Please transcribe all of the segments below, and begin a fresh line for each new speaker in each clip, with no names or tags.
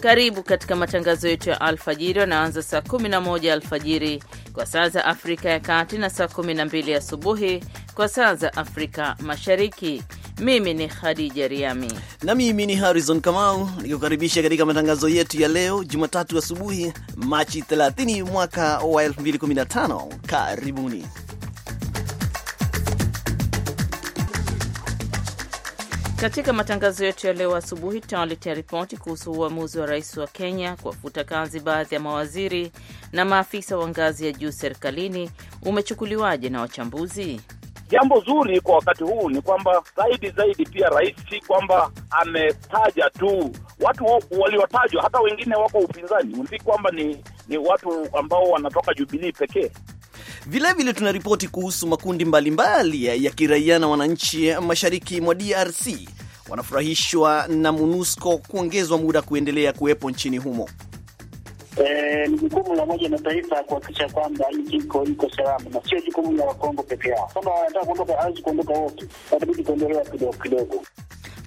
Karibu katika matangazo yetu ya alfajiri wanaanza saa 11 alfajiri kwa saa za Afrika ya Kati na saa 12 asubuhi kwa saa za Afrika Mashariki. Mimi ni Khadija Riami
na mimi ni Harrison Kamau nikikukaribisha katika matangazo yetu ya leo Jumatatu asubuhi, Machi 30 mwaka wa 2015. Karibuni.
Katika matangazo yetu ya leo asubuhi, tunawaletea ripoti kuhusu uamuzi wa rais wa Kenya kuwafuta kazi baadhi ya mawaziri na maafisa wa ngazi ya juu serikalini. Umechukuliwaje na wachambuzi?
Jambo zuri kwa wakati huu ni kwamba zaidi zaidi, pia rais si kwamba ametaja tu watu waliotajwa, hata wengine wako upinzani, si kwamba ni, ni watu ambao wanatoka Jubilii pekee.
Vilevile tunaripoti kuhusu makundi mbalimbali mbali ya kiraia na wananchi mashariki mwa DRC wanafurahishwa na MONUSCO kuongezwa muda kuendelea kuwepo nchini humo. Eh, ni jukumu la moja Mataifa kuhakikisha kwamba nchi iko
salama na sio jukumu la Wakongo peke yao. Kama wanataka kuondoka, hawezi kuondoka wote, watabidi kuendelea kidogo kidogo.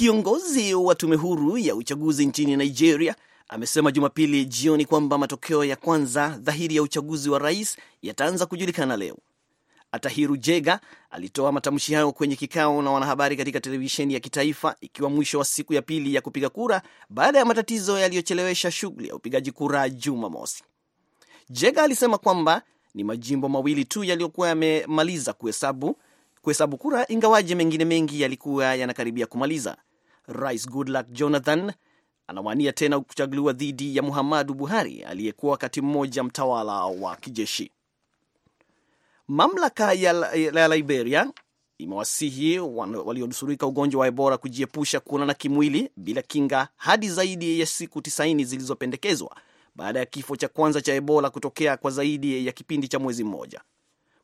Kiongozi wa tume huru ya uchaguzi nchini Nigeria amesema Jumapili jioni kwamba matokeo ya kwanza dhahiri ya uchaguzi wa rais yataanza kujulikana leo. Atahiru Jega alitoa matamshi hayo kwenye kikao na wanahabari katika televisheni ya kitaifa ikiwa mwisho wa siku ya pili ya kupiga kura baada ya matatizo yaliyochelewesha shughuli ya upigaji kura Jumamosi. Jega alisema kwamba ni majimbo mawili tu yaliyokuwa yamemaliza kuhesabu kuhesabu kura, ingawaje mengine mengi yalikuwa yanakaribia kumaliza. Rais Goodluck Jonathan anawania tena kuchaguliwa dhidi ya Muhammadu Buhari aliyekuwa wakati mmoja mtawala wa kijeshi. Mamlaka ya, ya Liberia imewasihi walionusurika ugonjwa wa Ebola kujiepusha kuonana kimwili bila kinga hadi zaidi ya siku tisaini zilizopendekezwa baada ya kifo cha kwanza cha Ebola kutokea kwa zaidi ya kipindi cha mwezi mmoja.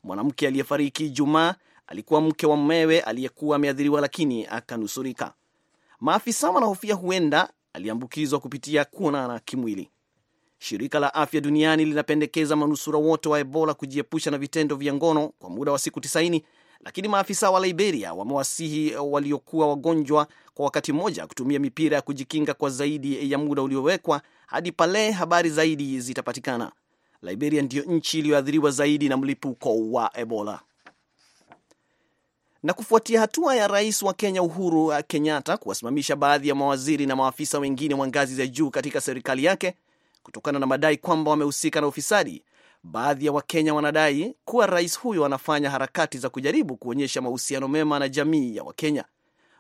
Mwanamke aliyefariki Jumaa alikuwa mke wa mmewe aliyekuwa ameathiriwa lakini akanusurika. Maafisa wanahofia huenda aliambukizwa kupitia kuonana kimwili. Shirika la Afya Duniani linapendekeza manusura wote wa Ebola kujiepusha na vitendo vya ngono kwa muda wa siku 90, lakini maafisa wa Liberia wamewasihi waliokuwa wagonjwa kwa wakati mmoja kutumia mipira ya kujikinga kwa zaidi ya muda uliowekwa hadi pale habari zaidi zitapatikana. Liberia ndiyo nchi iliyoathiriwa zaidi na mlipuko wa Ebola na kufuatia hatua ya rais wa Kenya Uhuru uh, Kenyatta kuwasimamisha baadhi ya mawaziri na maafisa wengine wa ngazi za juu katika serikali yake kutokana na madai kwamba wamehusika na ufisadi. Baadhi ya Wakenya wanadai kuwa rais huyo anafanya harakati za kujaribu kuonyesha mahusiano mema na jamii ya Wakenya.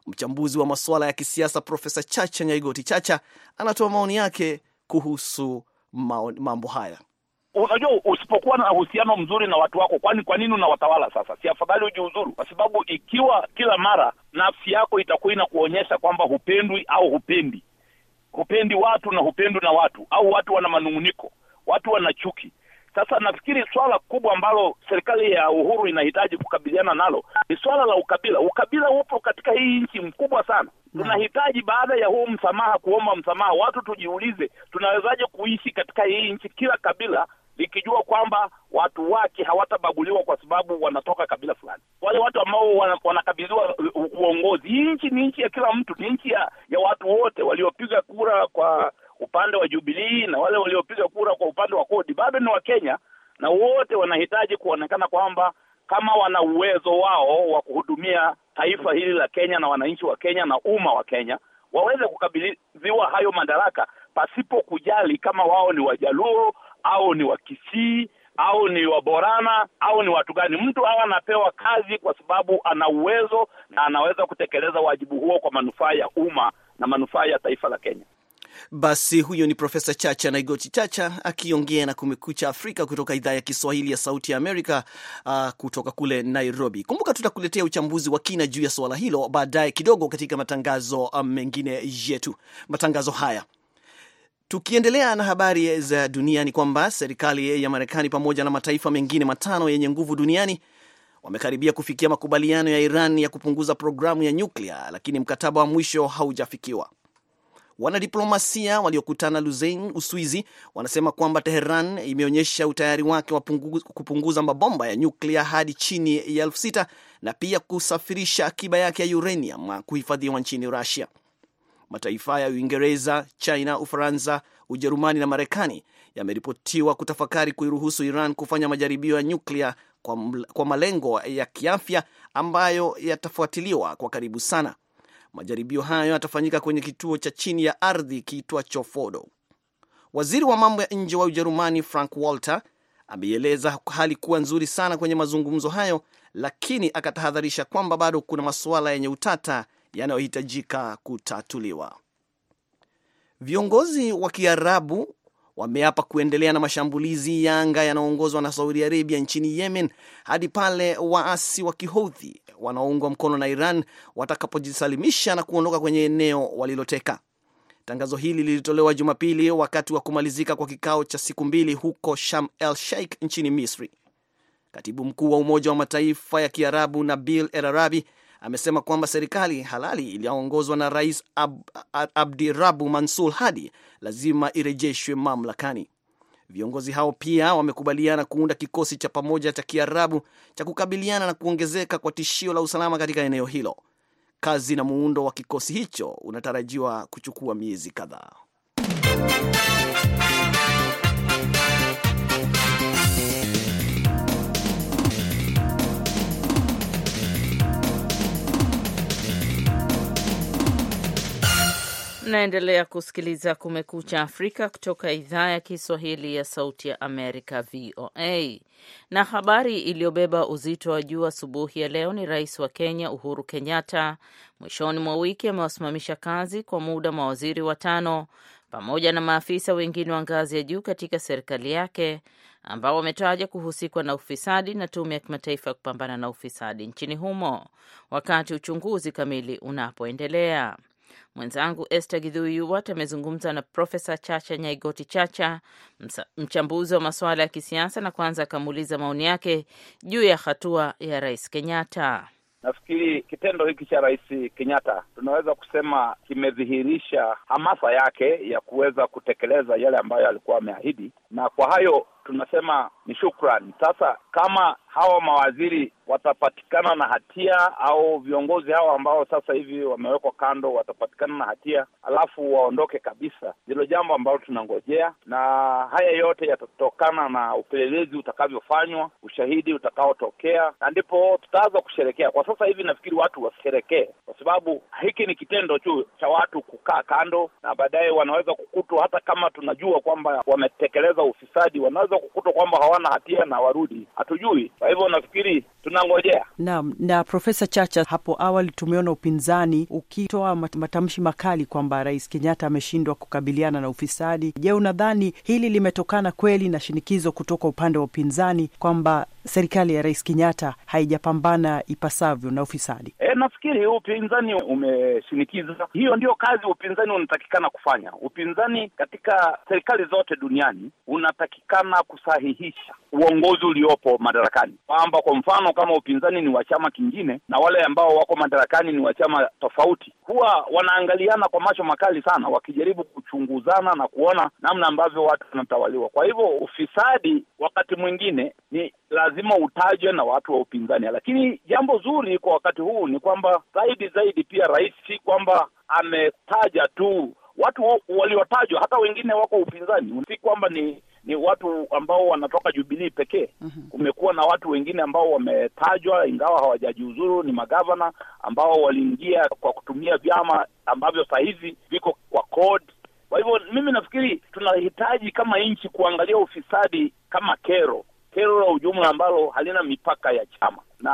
Mchambuzi wa masuala ya kisiasa Profesa Chacha Nyaigoti Chacha anatoa maoni yake kuhusu mambo haya unajua
usipokuwa na uhusiano mzuri na watu wako, kwani kwa nini unawatawala sasa? Si afadhali ujiuzuru? Kwa sababu ikiwa kila mara nafsi yako itakuwa inakuonyesha kwamba hupendwi au hupendi, hupendi watu na hupendwi na watu, au watu wana manung'uniko, watu wana chuki. Sasa nafikiri swala kubwa ambalo serikali ya Uhuru inahitaji kukabiliana nalo ni swala la ukabila. Ukabila upo katika hii nchi mkubwa sana. Tunahitaji baada ya huu msamaha, kuomba msamaha, watu tujiulize, tunawezaje kuishi katika hii nchi kila kabila likijua kwamba watu wake hawatabaguliwa kwa sababu wanatoka kabila fulani. Wale watu ambao wanakabidhiwa uongozi, hii nchi ni nchi ya kila mtu, ni nchi ya, ya watu wote waliopiga kura kwa upande wa Jubilii na wale waliopiga kura kwa upande wa kodi bado ni Wakenya, na wote wanahitaji kuonekana kwamba kama wana uwezo wao wa kuhudumia taifa hili la Kenya na wananchi wa Kenya na umma wa Kenya waweze kukabidhiwa hayo madaraka pasipo kujali kama wao ni Wajaluo au ni Wakisii au ni Waborana au ni watu gani? Mtu hawa anapewa kazi kwa sababu ana uwezo na anaweza kutekeleza wajibu huo kwa manufaa ya umma na manufaa ya taifa la Kenya.
Basi huyo ni Profesa Chacha Naigoti Chacha akiongea na Kumekucha Afrika kutoka idhaa ya Kiswahili ya Sauti ya Amerika, uh, kutoka kule Nairobi. Kumbuka tutakuletea uchambuzi wa kina juu ya suala hilo baadaye kidogo katika matangazo uh, mengine yetu, matangazo haya. Tukiendelea na habari za dunia ni kwamba serikali ya Marekani pamoja na mataifa mengine matano yenye nguvu duniani wamekaribia kufikia makubaliano ya Iran ya kupunguza programu ya nyuklia, lakini mkataba wa mwisho haujafikiwa. Wanadiplomasia waliokutana luzein Uswizi, wanasema kwamba Teheran imeonyesha utayari wake wa kupunguza mabomba ya nyuklia hadi chini ya elfu sita na pia kusafirisha akiba yake ya uranium kuhifadhiwa nchini Rusia mataifa ya Uingereza, China, Ufaransa, Ujerumani na Marekani yameripotiwa kutafakari kuiruhusu Iran kufanya majaribio ya nyuklia kwa, kwa malengo ya kiafya ambayo yatafuatiliwa kwa karibu sana. Majaribio hayo yatafanyika kwenye kituo cha chini ya ardhi kiitwacho Fordo. Waziri wa mambo ya nje wa Ujerumani Frank Walter ameieleza hali kuwa nzuri sana kwenye mazungumzo hayo, lakini akatahadharisha kwamba bado kuna masuala yenye utata yanayohitajika kutatuliwa. Viongozi wa Kiarabu wameapa kuendelea na mashambulizi ya anga yanayoongozwa na Saudi Arabia nchini Yemen hadi pale waasi wa Kihouthi wanaoungwa mkono na Iran watakapojisalimisha na kuondoka kwenye eneo waliloteka. Tangazo hili lilitolewa Jumapili wakati wa kumalizika kwa kikao cha siku mbili huko Sham El Sheikh nchini Misri. Katibu mkuu wa Umoja wa Mataifa ya Kiarabu Nabil El Arabi amesema kwamba serikali halali iliyoongozwa na Rais Ab Abdirabu Mansur Hadi lazima irejeshwe mamlakani. Viongozi hao pia wamekubaliana kuunda kikosi cha pamoja cha Kiarabu cha kukabiliana na kuongezeka kwa tishio la usalama katika eneo hilo. Kazi na muundo wa kikosi hicho unatarajiwa kuchukua miezi kadhaa.
naendelea kusikiliza Kumekucha Afrika kutoka idhaa ya Kiswahili ya Sauti ya Amerika, VOA. Na habari iliyobeba uzito wa juu asubuhi ya leo ni rais wa Kenya Uhuru Kenyatta mwishoni mwa wiki amewasimamisha kazi kwa muda mawaziri watano pamoja na maafisa wengine wa ngazi ya juu katika serikali yake ambao wametaja kuhusikwa na ufisadi na tume ya kimataifa ya kupambana na ufisadi nchini humo, wakati uchunguzi kamili unapoendelea. Mwenzangu Esther Gidhui Yuwat amezungumza na Profesa Chacha Nyaigoti Chacha, mchambuzi wa masuala ya kisiasa, na kwanza akamuuliza maoni yake juu ya hatua ya Rais Kenyatta.
Nafikiri kitendo hiki cha Rais Kenyatta tunaweza kusema kimedhihirisha hamasa yake ya kuweza kutekeleza yale ambayo alikuwa ameahidi, na kwa hayo tunasema ni shukrani. Sasa kama hawa mawaziri watapatikana na hatia au viongozi hawa ambao sasa hivi wamewekwa kando watapatikana na hatia, alafu waondoke kabisa, ndilo jambo ambalo tunangojea, na haya yote yatatokana na upelelezi utakavyofanywa, ushahidi utakaotokea, na ndipo tutaanza kusherekea. Kwa sasa hivi nafikiri watu washerekee, kwa sababu hiki ni kitendo tu cha watu kukaa kando, na baadaye wanaweza kukutwa, hata kama tunajua kwamba wametekeleza ufisadi, wanaweza kukutwa kwamba hawana hatia na warudi, hatujui. Kwa hivyo nafikiri tunangojea.
Naam. Na Profesa Chacha, hapo awali tumeona upinzani ukitoa matamshi makali kwamba Rais Kenyatta ameshindwa kukabiliana na ufisadi. Je, unadhani hili limetokana kweli na shinikizo kutoka upande wa upinzani kwamba serikali ya Rais Kenyatta haijapambana ipasavyo na ufisadi?
E, nafikiri upinzani umeshinikiza hiyo. Ndio kazi upinzani unatakikana kufanya. Upinzani katika serikali zote duniani unatakikana kusahihisha uongozi uliopo madarakani, kwamba kwa mfano kama upinzani ni wa chama kingine na wale ambao wako madarakani ni wa chama tofauti, huwa wanaangaliana kwa macho makali sana, wakijaribu kuchunguzana na kuona namna ambavyo watu wanatawaliwa. Kwa hivyo ufisadi wakati mwingine ni lazima utajwe na watu wa upinzani. Lakini jambo zuri kwa wakati huu ni kwamba zaidi zaidi, pia rais si kwamba ametaja tu watu waliotajwa, hata wengine wako upinzani, si kwamba ni ni watu ambao wanatoka Jubilii pekee. Mhm. Kumekuwa na watu wengine ambao wametajwa, ingawa hawajajiuzuru, ni magavana ambao waliingia kwa kutumia vyama ambavyo saa hizi viko kwa kodi. Kwa hivyo mimi nafikiri tunahitaji kama nchi kuangalia ufisadi kama kero kero la ujumla ambalo halina mipaka ya chama, na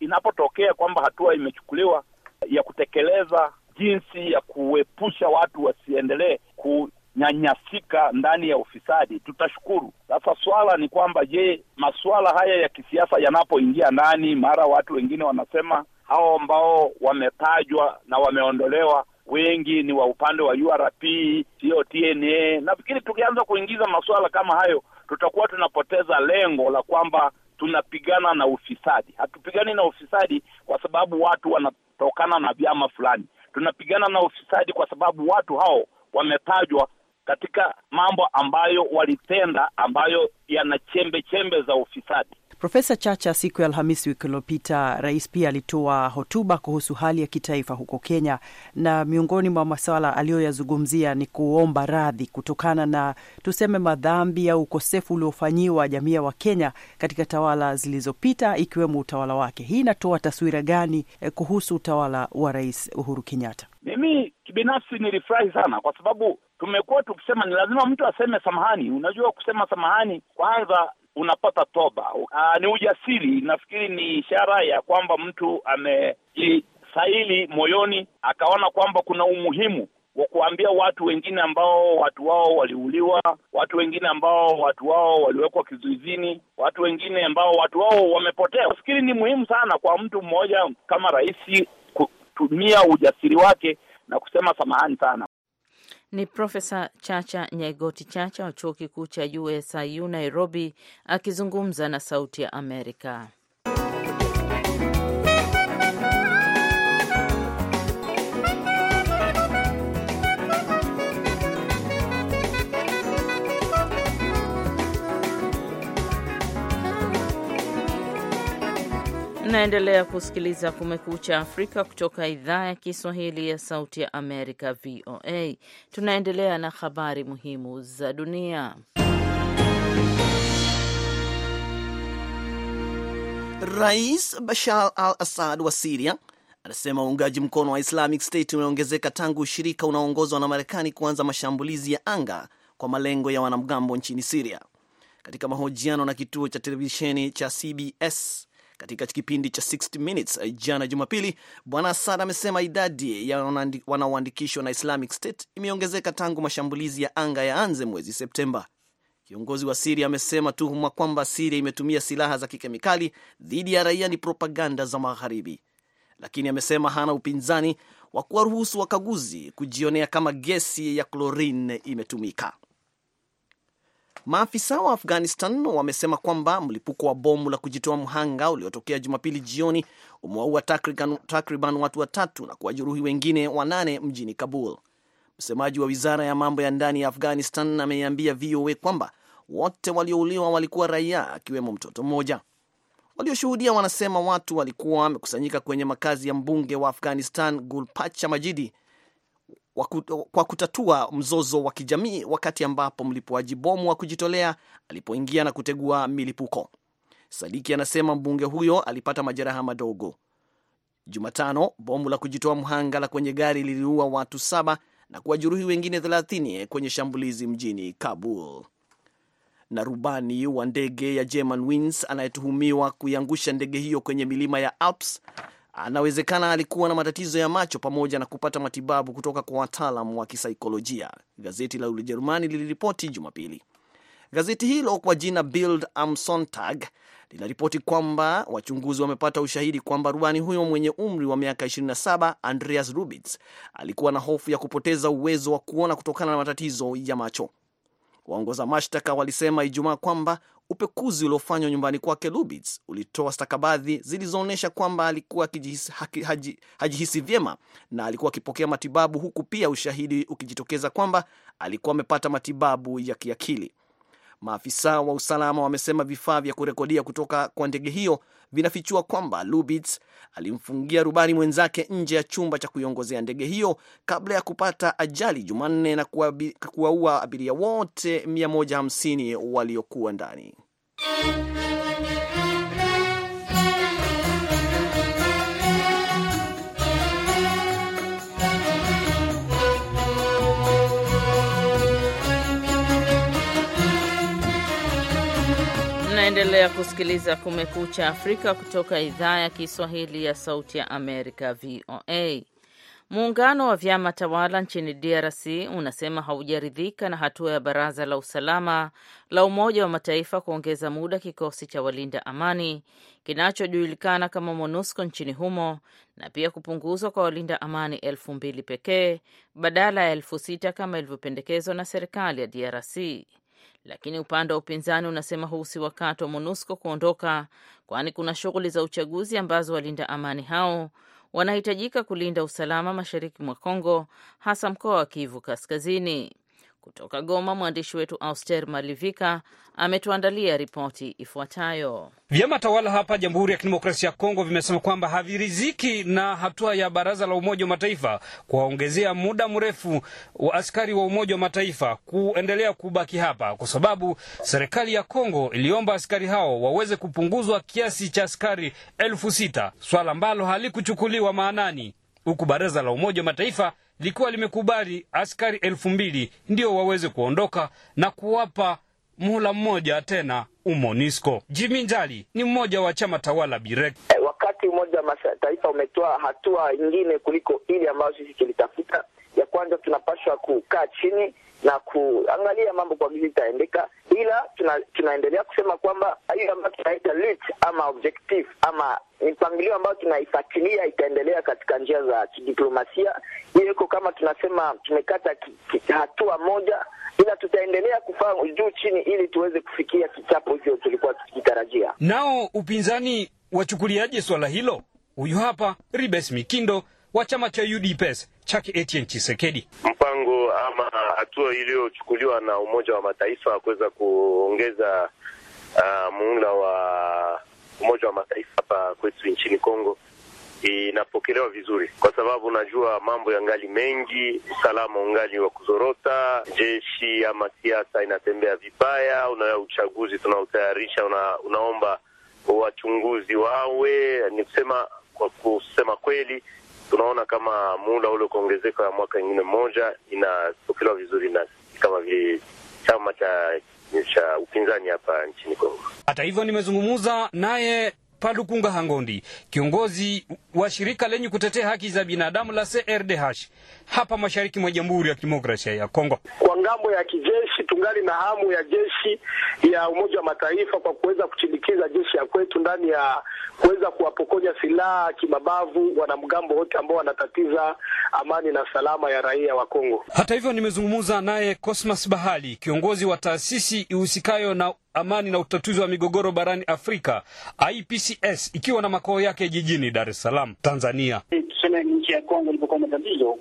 inapotokea kwamba hatua imechukuliwa ya kutekeleza jinsi ya kuepusha watu wasiendelee kunyanyasika ndani ya ufisadi, tutashukuru. Sasa swala ni kwamba, je, masuala haya ya kisiasa yanapoingia ndani, mara watu wengine wanasema hao ambao wametajwa na wameondolewa wengi ni wa upande wa URP, sio TNA. Nafikiri tukianza kuingiza masuala kama hayo, tutakuwa tunapoteza lengo la kwamba tunapigana na ufisadi. Hatupigani na ufisadi kwa sababu watu wanatokana na vyama fulani, tunapigana na ufisadi kwa sababu watu hao wametajwa katika mambo ambayo walitenda ambayo yana chembe chembe za ufisadi.
Profesa Chacha, siku ya Alhamisi wiki iliyopita, rais pia alitoa hotuba kuhusu hali ya kitaifa huko Kenya, na miongoni mwa masuala aliyoyazungumzia ni kuomba radhi kutokana na tuseme madhambi au ukosefu uliofanyiwa jamii ya Wakenya katika tawala zilizopita ikiwemo utawala wake. Hii inatoa taswira gani eh, kuhusu utawala wa Rais Uhuru Kenyatta?
Mimi kibinafsi nilifurahi sana kwa sababu tumekuwa tukisema ni lazima mtu aseme samahani. Unajua, kusema samahani kwanza unapata toba. Aa, ah, ni ujasiri. Nafikiri ni ishara ya kwamba mtu amejisahili moyoni, akaona kwamba kuna umuhimu wa kuambia watu wengine ambao watu wao waliuliwa, watu wengine ambao watu wao waliwekwa kizuizini, watu wengine ambao watu wao wamepotea. Nafikiri ni muhimu sana kwa mtu mmoja kama rais kutumia ujasiri wake na kusema samahani sana.
Ni Profesa Chacha Nyaigoti Chacha wa chuo kikuu cha USIU Nairobi akizungumza na Sauti ya Amerika. Mnaendelea kusikiliza Kumekucha Afrika kutoka idhaa ya Kiswahili ya Sauti ya Amerika, VOA. Tunaendelea na habari muhimu za dunia.
Rais Bashar al Assad wa Siria anasema uungaji mkono wa Islamic State umeongezeka tangu ushirika unaoongozwa na Marekani kuanza mashambulizi ya anga kwa malengo ya wanamgambo nchini Siria. Katika mahojiano na kituo cha televisheni cha CBS katika kipindi cha 60 Minutes eh, jana Jumapili, Bwana Assad amesema idadi ya wanaoandikishwa na Islamic State imeongezeka tangu mashambulizi ya anga yaanze mwezi Septemba. Kiongozi wa Siria amesema tuhuma kwamba Siria imetumia silaha za kikemikali dhidi ya raia ni propaganda za Magharibi, lakini amesema hana upinzani wa kuwaruhusu wakaguzi kujionea kama gesi ya klorini imetumika. Maafisa wa Afghanistan wamesema kwamba mlipuko wa bomu la kujitoa mhanga uliotokea Jumapili jioni umewaua takriban watu watatu na kuwajeruhi wengine wanane mjini Kabul. Msemaji wa wizara ya mambo ya ndani ya Afghanistan ameiambia VOA kwamba wote waliouliwa walikuwa raia, akiwemo mtoto mmoja. Walioshuhudia wanasema watu walikuwa wamekusanyika kwenye makazi ya mbunge wa Afghanistan Gulpacha Majidi kwa kutatua mzozo wa kijamii wakati ambapo mlipuaji bomu wa kujitolea alipoingia na kutegua milipuko. Sadiki anasema mbunge huyo alipata majeraha madogo. Jumatano, bomu la kujitoa mhanga la kwenye gari liliua watu saba na kuwajeruhi wengine 30 kwenye shambulizi mjini Kabul. Na rubani wa ndege ya Germanwings anayetuhumiwa kuiangusha ndege hiyo kwenye milima ya Alps anawezekana alikuwa na matatizo ya macho pamoja na kupata matibabu kutoka kwa wataalam wa kisaikolojia, gazeti la Ujerumani liliripoti Jumapili. Gazeti hilo kwa jina Bild am Sonntag linaripoti kwamba wachunguzi wamepata ushahidi kwamba rubani huyo mwenye umri wa miaka 27 Andreas Rubitz alikuwa na hofu ya kupoteza uwezo wa kuona kutokana na matatizo ya macho. Waongoza mashtaka walisema Ijumaa kwamba Upekuzi uliofanywa nyumbani kwake Lubitz ulitoa stakabadhi zilizoonyesha kwamba alikuwa hajihisi haji vyema na alikuwa akipokea matibabu, huku pia ushahidi ukijitokeza kwamba alikuwa amepata matibabu ya kiakili. Maafisa wa usalama wamesema vifaa vya kurekodia kutoka kwa ndege hiyo vinafichua kwamba Lubitz alimfungia rubani mwenzake nje ya chumba cha kuiongozea ndege hiyo kabla ya kupata ajali Jumanne na kuwaua abiria wote 150 waliokuwa ndani.
Unaendelea kusikiliza Kumekucha Afrika kutoka idhaa ya Kiswahili ya Sauti ya Amerika, VOA. Muungano wa vyama tawala nchini DRC unasema haujaridhika na hatua ya Baraza la Usalama la Umoja wa Mataifa kuongeza muda kikosi cha walinda amani kinachojulikana kama MONUSCO nchini humo na pia kupunguzwa kwa walinda amani elfu mbili pekee badala ya elfu sita kama ilivyopendekezwa na serikali ya DRC lakini upande wa upinzani unasema huu si wakati wa MONUSCO kuondoka, kwani kuna shughuli za uchaguzi ambazo walinda amani hao wanahitajika kulinda usalama mashariki mwa Kongo, hasa mkoa wa Kivu Kaskazini. Kutoka Goma, mwandishi wetu Auster Malivika ametuandalia ripoti ifuatayo.
Vyama tawala hapa Jamhuri ya Kidemokrasia ya Kongo vimesema kwamba haviriziki na hatua ya Baraza la Umoja wa Mataifa kuwaongezea muda mrefu wa askari wa Umoja wa Mataifa kuendelea kubaki hapa, kwa sababu serikali ya Kongo iliomba askari hao waweze kupunguzwa kiasi cha askari elfu sita swala ambalo halikuchukuliwa maanani, huku Baraza la Umoja wa Mataifa likuwa limekubali askari elfu mbili ndio waweze kuondoka na kuwapa muhula mmoja tena umonisco Jimi Njali ni mmoja wa chama tawala Birek.
Eh, wakati Umoja wa Mataifa umetoa hatua ingine kuliko ile ambayo sisi tulitafuta ya kwanza tunapaswa kukaa chini na kuangalia mambo kwa vile itaendeka, ila tuna, tunaendelea kusema kwamba hiyo ambayo tunaita ama objective ama mipangilio ambayo tunaifuatilia itaendelea katika njia za kidiplomasia. Hiyo iko kama tunasema tumekata hatua moja, ila tutaendelea kufaa juu chini, ili tuweze kufikia kichapo hicho tulikuwa tukitarajia.
Nao upinzani wachukuliaje swala hilo? Huyu hapa Ribes Mikindo wa chama cha UDPS chake Etienne Chisekedi.
Mpango ama hatua iliyochukuliwa na Umoja wa Mataifa kuweza kuongeza uh, muungano wa Umoja wa Mataifa hapa kwetu nchini Kongo inapokelewa vizuri kwa sababu unajua mambo ya ngali mengi, usalama ungali wa kuzorota, jeshi ama siasa inatembea vibaya, una uchaguzi tunaotayarisha una, unaomba wachunguzi wawe, ni kusema kwa kusema kweli tunaona kama muda ule kuongezeka ya mwaka ingine mmoja inapokelewa vizuri na kama vile chama cha cha upinzani hapa nchini Kongo.
Hata
hivyo, nimezungumza naye Palukunga Hangondi, kiongozi wa shirika lenye kutetea haki za binadamu la CRDH hapa mashariki mwa Jamhuri ya Kidemokrasia ya Kongo.
Kwa ngambo ya kijeshi tungali na hamu ya jeshi ya Umoja wa Mataifa kwa kuweza kuchindikiza jeshi ya kwetu ndani ya kuweza kuwapokonya silaha kimabavu wanamgambo wote ambao wanatatiza amani na salama ya raia wa Kongo.
Hata hivyo, nimezungumza naye Cosmas Bahali, kiongozi wa taasisi ihusikayo na amani na utatuzi wa migogoro barani Afrika IPCS, ikiwa na makao yake jijini Dar es Salaam, Tanzania.
Tuseme nchi ya Kongo ilipokuwa matatizo,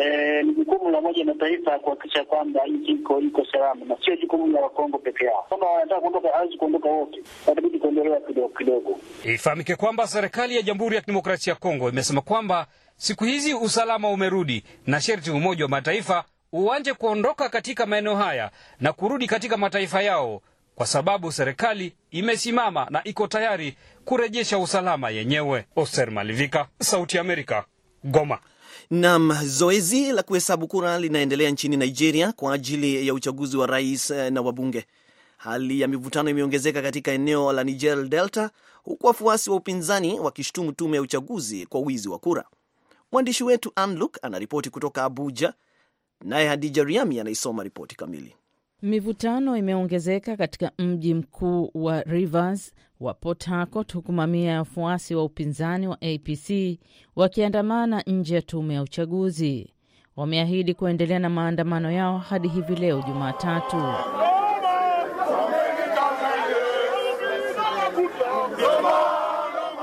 eh, ni jukumu la Umoja wa Mataifa kuhakikisha kwamba nchi iko iko salama Uganda na sio jukumu la Wakongo peke yao. Kama wanataka kuondoka, hawezi kuondoka wote, watabidi kuendelea kidogo kidogo.
Ifahamike kwamba serikali ya Jamhuri ya Kidemokrasia ya Kongo imesema kwamba siku hizi usalama umerudi na sherti Umoja wa Mataifa uanje kuondoka katika maeneo haya na kurudi katika mataifa yao kwa sababu serikali imesimama na iko tayari kurejesha usalama yenyewe. Oser Malivika, Sauti ya Amerika, Goma.
Nam, zoezi la kuhesabu kura linaendelea nchini Nigeria kwa ajili ya uchaguzi wa rais eh, na wabunge. Hali ya mivutano imeongezeka katika eneo la Niger Delta, huku wafuasi wa upinzani wakishutumu tume ya uchaguzi kwa wizi wa kura. Mwandishi wetu Anluk anaripoti kutoka Abuja, naye Hadija Riami anaisoma ripoti kamili.
Mivutano imeongezeka katika mji mkuu wa Rivers wa Port Harcourt, huku mamia ya wafuasi wa upinzani wa APC wakiandamana nje ya tume ya uchaguzi. Wameahidi kuendelea na maandamano yao hadi hivi leo Jumatatu.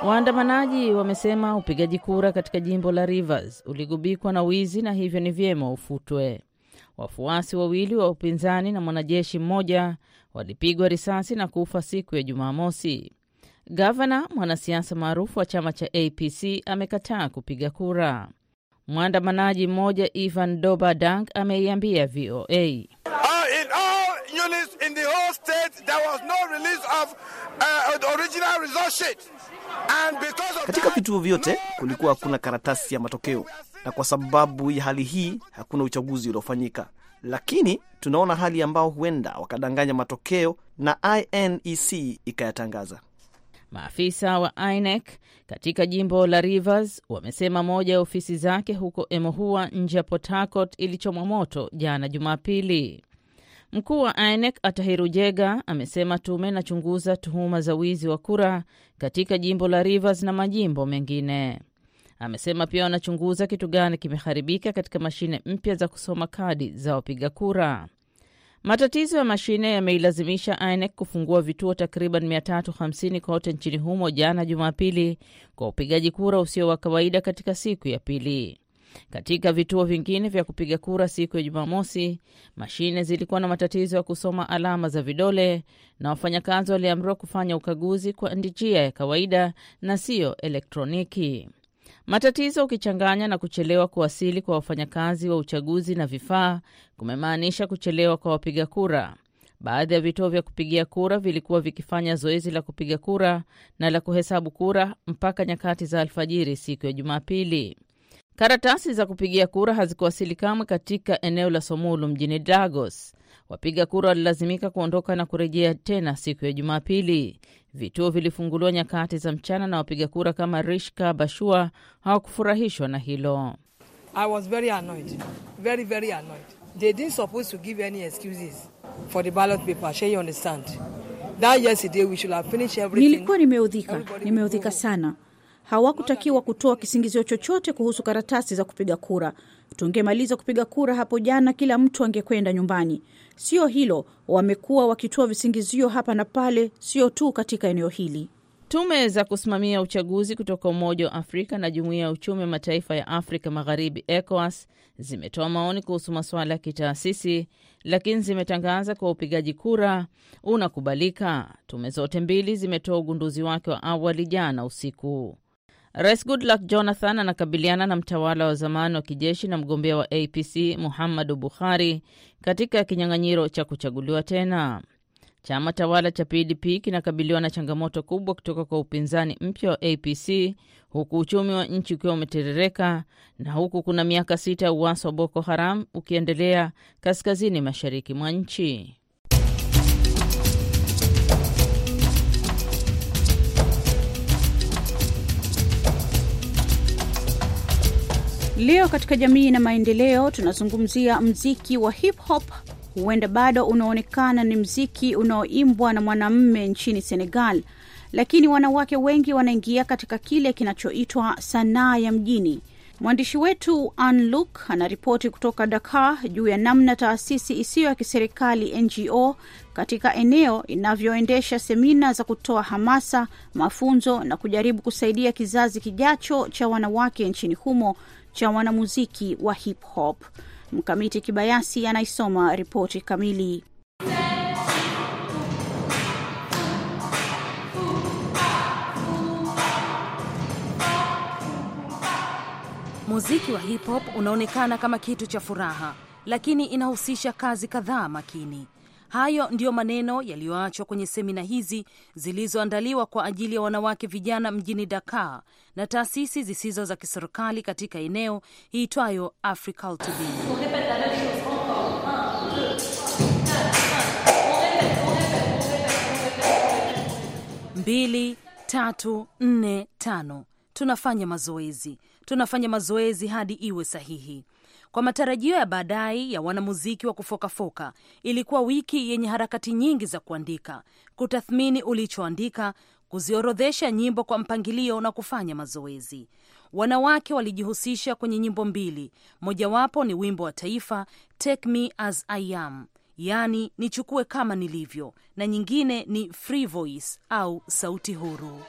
Waandamanaji wamesema upigaji kura katika jimbo la Rivers uligubikwa na wizi na hivyo ni vyema ufutwe. Wafuasi wawili wa upinzani na mwanajeshi mmoja walipigwa risasi na kufa siku ya Jumamosi. Gavana, mwanasiasa maarufu wa chama cha APC, amekataa kupiga kura. Mwandamanaji mmoja Ivan Doba Dank ameiambia VOA,
uh, ah, in all units in the Uh,
katika vituo vyote kulikuwa hakuna karatasi ya matokeo, na kwa sababu ya hali hii hakuna uchaguzi uliofanyika, lakini tunaona hali ambao huenda wakadanganya matokeo na INEC ikayatangaza.
Maafisa wa INEC katika jimbo la Rivers wamesema moja ya ofisi zake huko Emohua nje ya Port Harcourt ilichomwa moto jana Jumapili. Mkuu wa INEC Atahiru Jega amesema tume inachunguza tuhuma za wizi wa kura katika jimbo la Rivers na majimbo mengine. Amesema pia wanachunguza kitu gani kimeharibika katika mashine mpya za kusoma kadi za wapiga kura. Matatizo ya mashine yameilazimisha INEC kufungua vituo takriban 350 kote nchini humo jana Jumapili kwa upigaji kura usio wa kawaida katika siku ya pili. Katika vituo vingine vya kupiga kura siku ya Jumamosi, mashine zilikuwa na matatizo ya kusoma alama za vidole na wafanyakazi waliamriwa kufanya ukaguzi kwa njia ya kawaida na siyo elektroniki. Matatizo ukichanganya na kuchelewa kuwasili kwa wafanyakazi wa uchaguzi na vifaa kumemaanisha kuchelewa kwa wapiga kura. Baadhi ya vituo vya kupigia kura vilikuwa vikifanya zoezi la kupiga kura na la kuhesabu kura mpaka nyakati za alfajiri siku ya Jumapili. Karatasi za kupigia kura hazikuwasili kamwe katika eneo la Somulu mjini Dagos. Wapiga kura walilazimika kuondoka na kurejea tena siku ya Jumapili. Vituo vilifunguliwa nyakati za mchana, na wapiga kura kama Rishka Bashua hawakufurahishwa na hilo.
I was very annoyed. Very, very annoyed. They didn't supposed to give any excuses for the ballot paper. Shall you understand? That yesterday we should have finished
everything. Nilikuwa nimeudhika, nimeudhika sana hawakutakiwa kutoa kisingizio chochote kuhusu karatasi za kupiga kura. Tungemaliza kupiga kura hapo jana, kila mtu angekwenda nyumbani. Sio hilo, wamekuwa wakitoa visingizio hapa na pale, sio tu katika eneo hili.
Tume za kusimamia uchaguzi kutoka Umoja wa Afrika na Jumuiya ya Uchumi wa Mataifa ya Afrika Magharibi, ECOWAS, zimetoa maoni kuhusu masuala ya kitaasisi, lakini zimetangaza kuwa upigaji kura unakubalika. Tume zote mbili zimetoa ugunduzi wake wa awali jana usiku. Rais Goodluck Jonathan anakabiliana na mtawala wa zamani wa kijeshi na mgombea wa APC Muhammadu Buhari katika kinyang'anyiro cha kuchaguliwa tena. Chama tawala cha PDP kinakabiliwa na changamoto kubwa kutoka kwa upinzani mpya wa APC, huku uchumi wa nchi ukiwa umeterereka na huku kuna miaka sita ya uasi wa Boko Haram ukiendelea kaskazini mashariki mwa nchi.
Leo katika jamii na maendeleo tunazungumzia mziki wa hip hop. Huenda bado unaonekana ni mziki unaoimbwa na mwanamme nchini Senegal, lakini wanawake wengi wanaingia katika kile kinachoitwa sanaa ya mjini. Mwandishi wetu an luk anaripoti kutoka Dakar juu ya namna taasisi isiyo ya kiserikali NGO katika eneo inavyoendesha semina za kutoa hamasa, mafunzo na kujaribu kusaidia kizazi kijacho cha wanawake nchini humo cha wanamuziki wa hip hop. Mkamiti Kibayasi anaisoma ripoti kamili.
Muziki wa hip hop unaonekana kama kitu cha furaha, lakini inahusisha kazi kadhaa makini. Hayo ndiyo maneno yaliyoachwa kwenye semina hizi zilizoandaliwa kwa ajili ya wanawake vijana mjini Dakar na taasisi zisizo za kiserikali katika eneo iitwayo Africulturb. Mbili, tatu, nne, tano. Tunafanya mazoezi, tunafanya mazoezi hadi iwe sahihi. Kwa matarajio ya baadaye ya wanamuziki wa kufokafoka, ilikuwa wiki yenye harakati nyingi za kuandika, kutathmini ulichoandika, kuziorodhesha nyimbo kwa mpangilio na kufanya mazoezi. Wanawake walijihusisha kwenye nyimbo mbili, mojawapo ni wimbo wa taifa Take Me As I Am, yaani nichukue kama nilivyo, na nyingine ni Free Voice au sauti huru.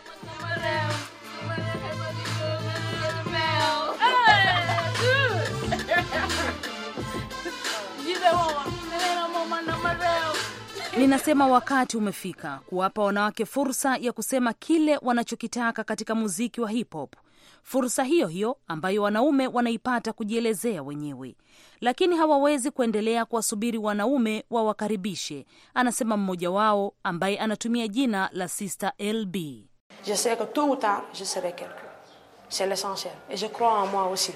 Ninasema wakati umefika kuwapa wanawake fursa ya kusema kile wanachokitaka katika muziki wa hip hop, fursa hiyo hiyo ambayo wanaume wanaipata kujielezea wenyewe, lakini hawawezi kuendelea kuwasubiri wanaume wawakaribishe, anasema mmoja wao ambaye anatumia jina la Sister LB. Je sais que tout ou tard je serai quelqu'un, c'est l'essentiel et je crois en moi aussi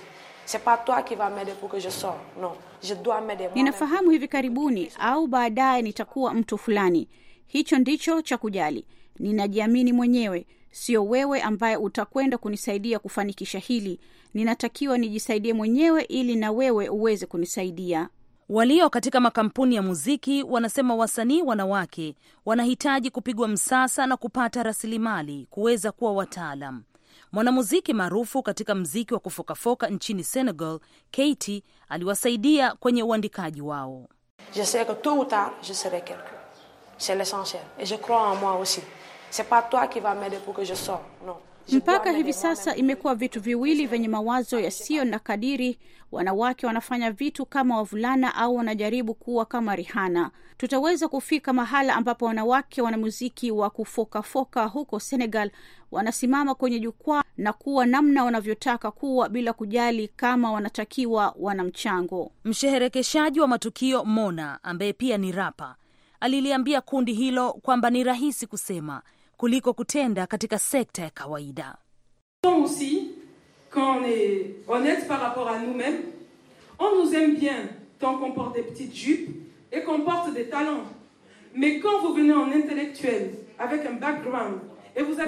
ninafahamu
hivi karibuni au baadaye nitakuwa mtu fulani hicho ndicho cha kujali ninajiamini mwenyewe sio wewe ambaye utakwenda kunisaidia kufanikisha hili ninatakiwa nijisaidie mwenyewe ili na wewe uweze kunisaidia Walio katika makampuni
ya muziki wanasema wasanii wanawake wanahitaji kupigwa msasa na kupata rasilimali kuweza kuwa wataalam. Mwanamuziki maarufu katika mziki wa kufokafoka nchini Senegal, Keiti aliwasaidia kwenye uandikaji wao. Je sais que tôt ou tard je serai quelqu'un. C'est l'essentiel et je crois en moi aussi. C'est pas toi qui va m'aider pour que je sors. Non.
Mpaka hivi sasa imekuwa vitu viwili vyenye mawazo yasiyo na kadiri. Wanawake wanafanya vitu kama wavulana au wanajaribu kuwa kama Rihana. Tutaweza kufika mahala ambapo wanawake wanamuziki wa kufokafoka huko Senegal wanasimama kwenye jukwaa na kuwa namna wanavyotaka kuwa bila kujali kama wanatakiwa wana mchango. Msheherekeshaji wa matukio Mona
ambaye pia ni rapa aliliambia kundi hilo kwamba ni rahisi kusema kuliko Aussi, quand on est honnête par rapport à nous-mêmes, on nous aime bien tant qu'on porte des petites jupes et qu'on porte des talents. Mais quand vous venez en intellectuel avec un background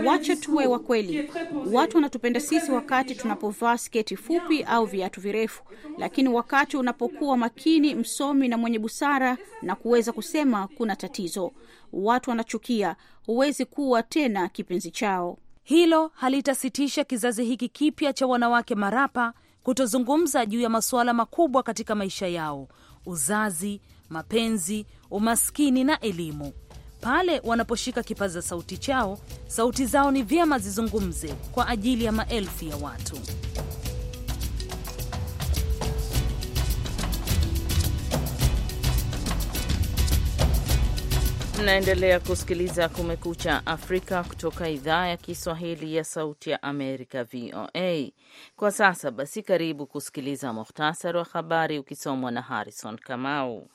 Wacha tuwe wa kweli. Watu
wanatupenda sisi wakati tunapovaa sketi fupi au viatu virefu, lakini wakati unapokuwa makini, msomi na mwenye busara na kuweza kusema kuna tatizo, watu wanachukia. Huwezi kuwa tena kipenzi chao. Hilo halitasitisha kizazi hiki kipya cha wanawake marapa
kutozungumza juu ya masuala makubwa katika maisha yao: uzazi, mapenzi, umaskini na elimu. Pale wanaposhika kipaza sauti chao, sauti zao ni vyema zizungumze kwa ajili ya maelfu ya watu.
Naendelea kusikiliza Kumekucha Afrika kutoka idhaa ya Kiswahili ya Sauti ya Amerika, VOA. Kwa sasa basi, karibu kusikiliza muhtasari wa habari ukisomwa na Harrison Kamau.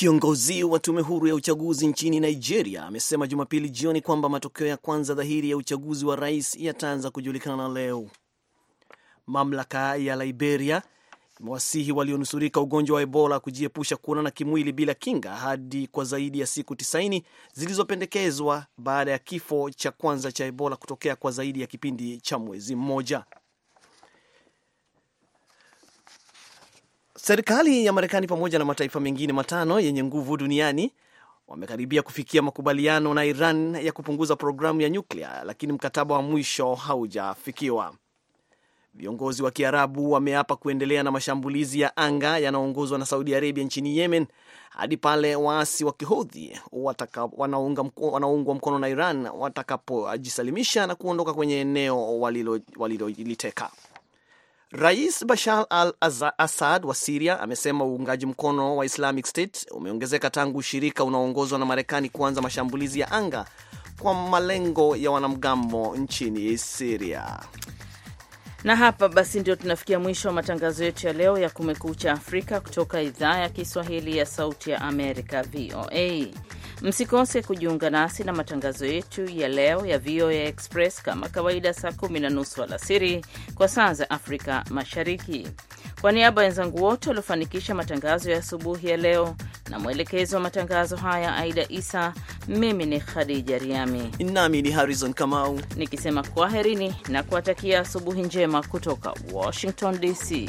Kiongozi wa tume huru ya uchaguzi nchini Nigeria amesema Jumapili jioni kwamba matokeo ya kwanza dhahiri ya uchaguzi wa rais yataanza kujulikana leo. Mamlaka ya Liberia imewasihi walionusurika ugonjwa wa Ebola kujiepusha kuonana kimwili bila kinga hadi kwa zaidi ya siku 90 zilizopendekezwa baada ya kifo cha kwanza cha Ebola kutokea kwa zaidi ya kipindi cha mwezi mmoja. Serikali ya Marekani pamoja na mataifa mengine matano yenye nguvu duniani wamekaribia kufikia makubaliano na Iran ya kupunguza programu ya nyuklia, lakini mkataba wa mwisho haujafikiwa. Viongozi wa Kiarabu wameapa kuendelea na mashambulizi ya anga yanayoongozwa na Saudi Arabia nchini Yemen hadi pale waasi wa Kihodhi wanaoungwa mkono na Iran watakapojisalimisha na kuondoka kwenye eneo waliloliteka walilo Rais Bashar al Assad wa Siria amesema uungaji mkono wa Islamic State umeongezeka tangu ushirika unaoongozwa na Marekani kuanza mashambulizi ya anga kwa malengo ya wanamgambo nchini Siria.
Na hapa basi ndio tunafikia mwisho wa matangazo yetu ya leo ya Kumekucha Afrika kutoka idhaa ya Kiswahili ya Sauti ya Amerika, VOA. Msikose kujiunga nasi na matangazo yetu ya leo ya VOA Express kama kawaida, saa kumi na nusu alasiri kwa saa za Afrika Mashariki. Kwa niaba ya wenzangu wote waliofanikisha matangazo ya asubuhi ya leo na mwelekezi wa matangazo haya Aida Isa, mimi ni Khadija Riami nami ni Harrison Kamau nikisema kwaherini na kuwatakia asubuhi njema kutoka Washington DC.